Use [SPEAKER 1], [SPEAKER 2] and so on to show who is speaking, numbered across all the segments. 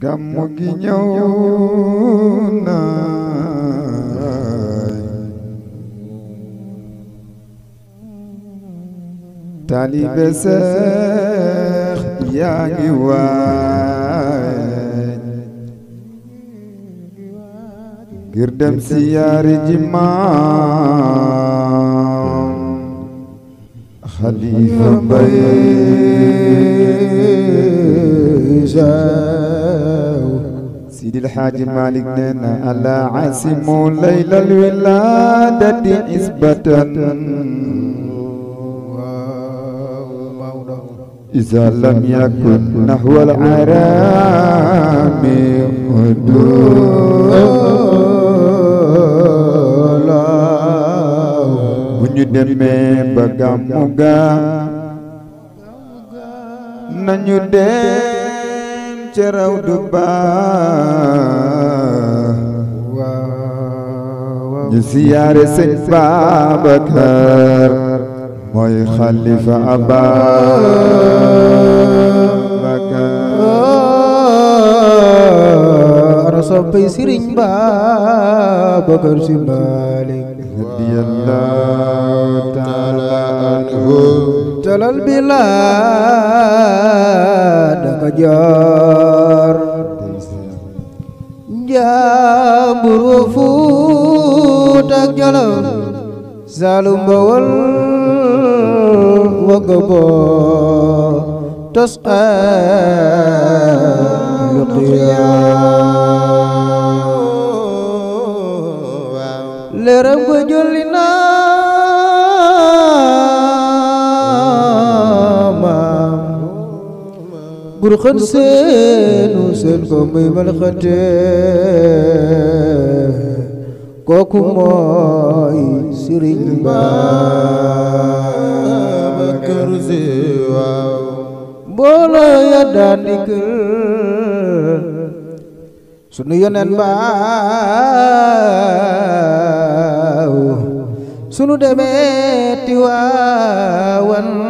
[SPEAKER 1] gàmmu gi ñëw na
[SPEAKER 2] taalibe seex yaa ngi waaj ngir dem si yaari ji maam
[SPEAKER 1] xalifa bay
[SPEAKER 2] سيدي الحاج مالك دنا على عاصم ليلى الولادة إثبة إذا لم يكن نحو العرام حدولا بقى بغامغا
[SPEAKER 1] نانيو دي جراو دبا نسيار سنبا بكر موي خليفة
[SPEAKER 3] أبا صبي سيرين با بكر سيمالك رضي الله تعالى عنه jalal bilad dagajar ya burufu tak jalal zalum bawal wagbo tasqa luqiya lerab julina bur xët seenu seen ko muy mal kooku mooy sëriñ Babacar
[SPEAKER 1] Si waaw
[SPEAKER 3] mbooloo ya daan dikkal sunu yoneen baaw sunu demee ti waawan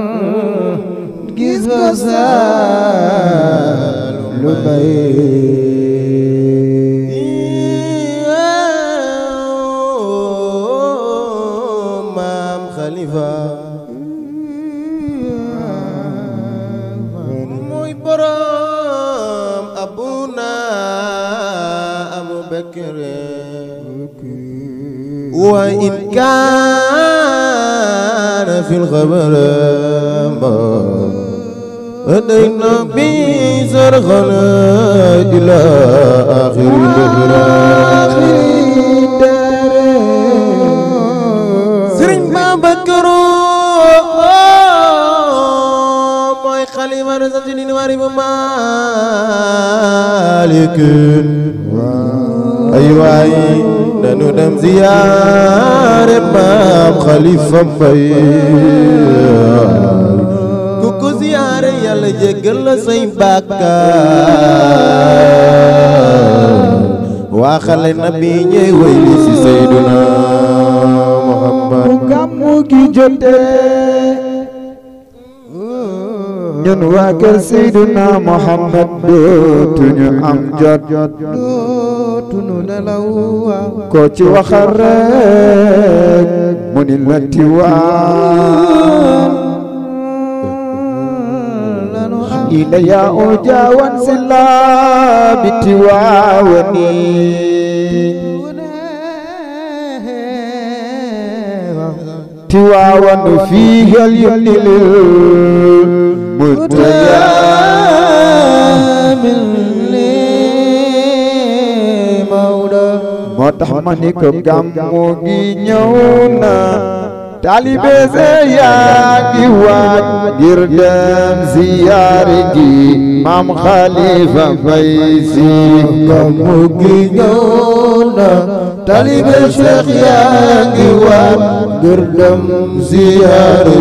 [SPEAKER 3] يزال لبيك
[SPEAKER 1] مام خليفة موي
[SPEAKER 3] برام
[SPEAKER 1] أبونا أبو بكر
[SPEAKER 3] وإن كان في الخبر
[SPEAKER 1] بي بزرغنا إلى آخر الدهر سرين
[SPEAKER 3] ما بكروا
[SPEAKER 1] موي خلي مرزتني نواري بمالك أيوة نانو دم زيارة باب خليفة بيه yàlla jéggal la say bàkkaar waa xale nabi ñuy woy li sayduna muhammad bu gàmmu gi jotee ñun waa kër sayduna muhammad dootuñu am jot dootuñu nelaw ko ci waxal mu ni la tiwaan إلي أرجى وانسلا بتواوني
[SPEAKER 3] تواون فيها اليمن
[SPEAKER 1] للمتيامن
[SPEAKER 2] moo tax ma ni ko gàmmu
[SPEAKER 1] gi ñëw na taalibe see yaa ngi waaj ngir dem maam Khalifa Faye Sy gàmmu gi ñëw na taalibe yaa ngi waaj ngir dem ziyaare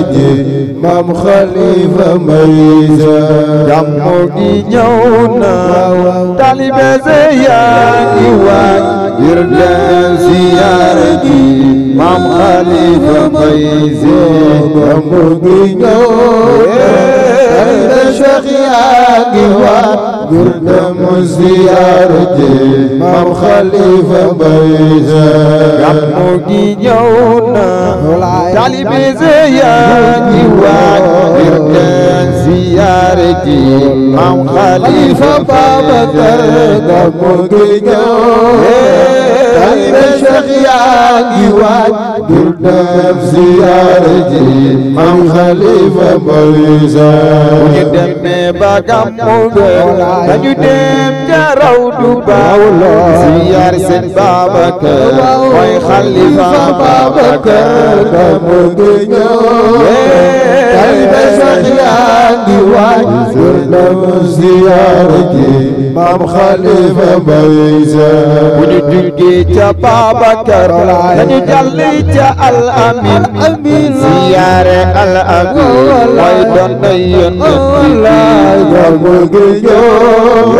[SPEAKER 1] maam Khalifa Maysa gàmmu gi ñëw na taalibe se yaa ngi waaj ngir dem siyaare gi maam Khalifa Maysa gàmmu gi ñëw na taalibe Cheikh yaa ngi waaj ngir dem siyaare gi maam Khalifa Maysa gàmmu gi ñëw na taalibe se yaa ngi waaj Tiwaawan ngir leen ziyaare ji maam Xalifa Babacar Gamou gi ñëw Cheikh yaa ngi waaj ngir ziyaare ji Maam Xalifa Balisa bu ñu demee ba gàmmu ga dañu dem ca rawdu ba ziyaar seen Babacar mooy Xalifa Babacar gàmmu gi ñëw سخيان ديواي سرنا زيارتي مام خليفة بيزا ونجيت بابا كرلاي ونجليت الأمين أمين زيارة الأمين ويدن نين الله يرمك يوم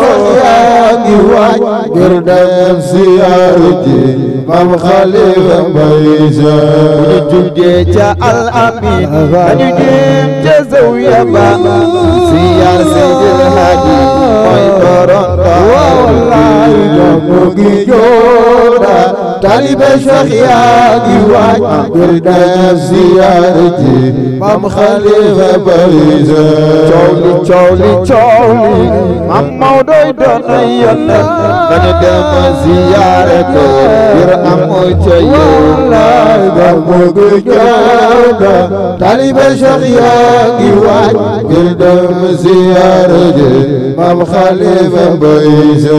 [SPEAKER 1] سخيان ديواي سرنا زيارتي maam Khalifa Mbaye Sène ñu tuddee ca al amin dañu jëm ca zawiya ba siyaar Seydil Haaji mooy borom waaw wallaahi mu ngi joo talibe Cheikh yaa ngi waaj ngir def ziyaare ji maam Khalifa Baïse coow li coow li coow li maam Maodo doon na yónnee dañu dem ziyaare ko ngir am ca yàlla مقجابا طالب شخياك يوعد قدام زيارة مام خليفة بيسا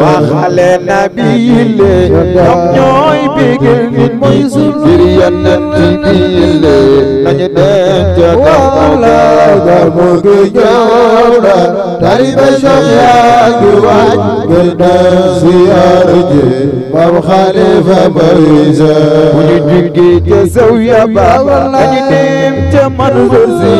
[SPEAKER 1] وخلي نبي اللي يوم نوي بيجن من ميسر سريان نبي اللي نجدان جاكا مقجابا tari ba Cheikh yaa ngi waaj ngir dem ziyaara ji Maam Xalifa Mbaysa bu ñu jógee ca Zawiya ba dañu dem ca Manzur Si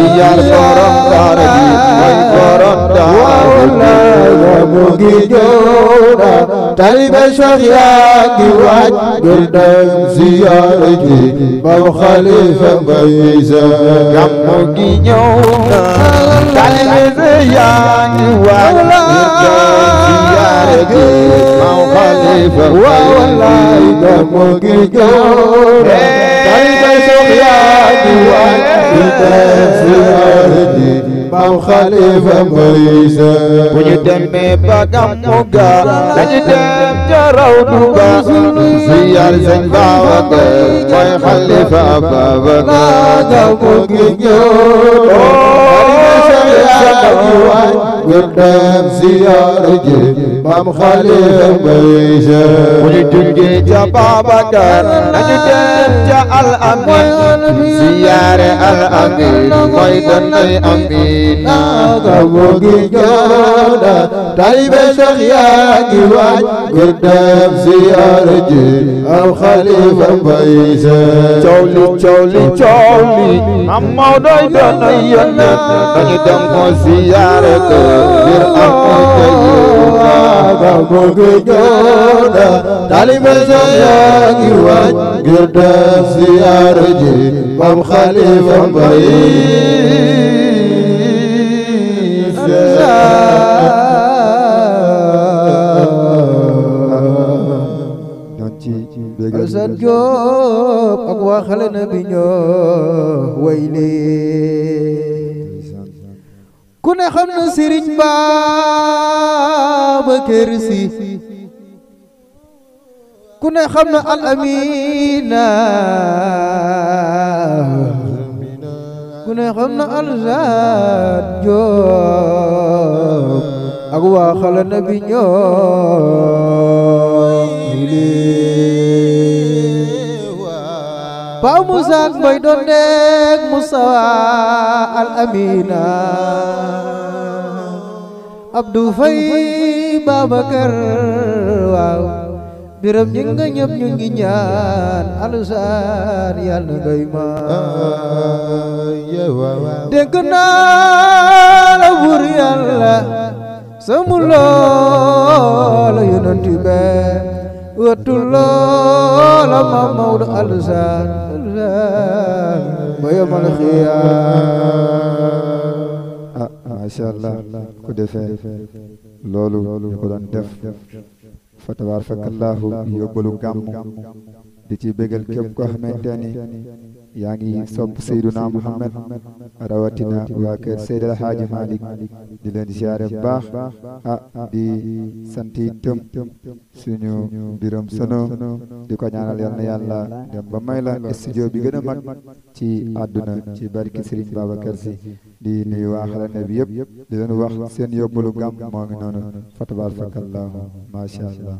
[SPEAKER 1] ziyaar borom daara ji mooy borom daara ji mu ngi joona tari ba Cheikh yaa ngi waaj ngir dem ziyaara ji Maam Xalifa Mbaysa gàmmu gi ñëw na xalil yaa ngi waaj ngir doon
[SPEAKER 3] ziyaare gi maam xalifa waaw wallaay gàmmu gi
[SPEAKER 1] gaaw xalifa soog yaa ngi waaj ngir doon ziyaare gi maam xalifa mbaysa bu ñu demee ba gàmmu ga dañu dem ca rawdu ba ziyaare sëñ Babacar mooy xalifa Babacar gàmmu gi gaaw waay ngir dem ziyaar ji maam Xalifa Mbay si bu ñu jógee ca Babacar nañu dem ca al amin ziyaare al amin mooy danay amin taalibe Seex yaa ngi waaj ngir dem ziyaar ji am xalifa Mbay Seen coow li coow li coow li am Maodo doon na yónnee dañu dem ko ziyaar ko ngir am ko ba mu ngi joona taalibe Seex yaa ngi waaj ngir dem ziyaar
[SPEAKER 3] Assane Diop ak ku ne xam na Sëriñ Babacar Si ku ne xam na Al Amina ku ne xam na Assane Diop ak waa xale na bi ñoo Paw Moussa ak Boy Dondé ak Moustapha Al Amina Abdou Faye Babacar waaw biram ñi nga ñëpp ñu ngi ñaan alusaan yàlla na ngay maa dégg naa la buur yàlla samuloo la yonent bi وتلال ما مود الزان
[SPEAKER 2] بيوم الخيام ما شاء الله كده فعل لولو يقولون دف fa tabarakallahu yóbbalu gàmm di ci bégal képp koo xamante ni yaa ngi sopp Seyduna Muhammad rawatina waa kër Seydal Haaji Malick di leen ziyaare bu baax ah di ah, sant itam suñu biram sono di ko ñaanal yal na yàlla dem ba may la studio bi gën a mag ci àdduna ci barki Serigne Babacar Sy di nuyu waa Xarala bi yëpp di leen wax seen yóbbalu gàmm moo ngi noonu fatabaar fakallahu macha allah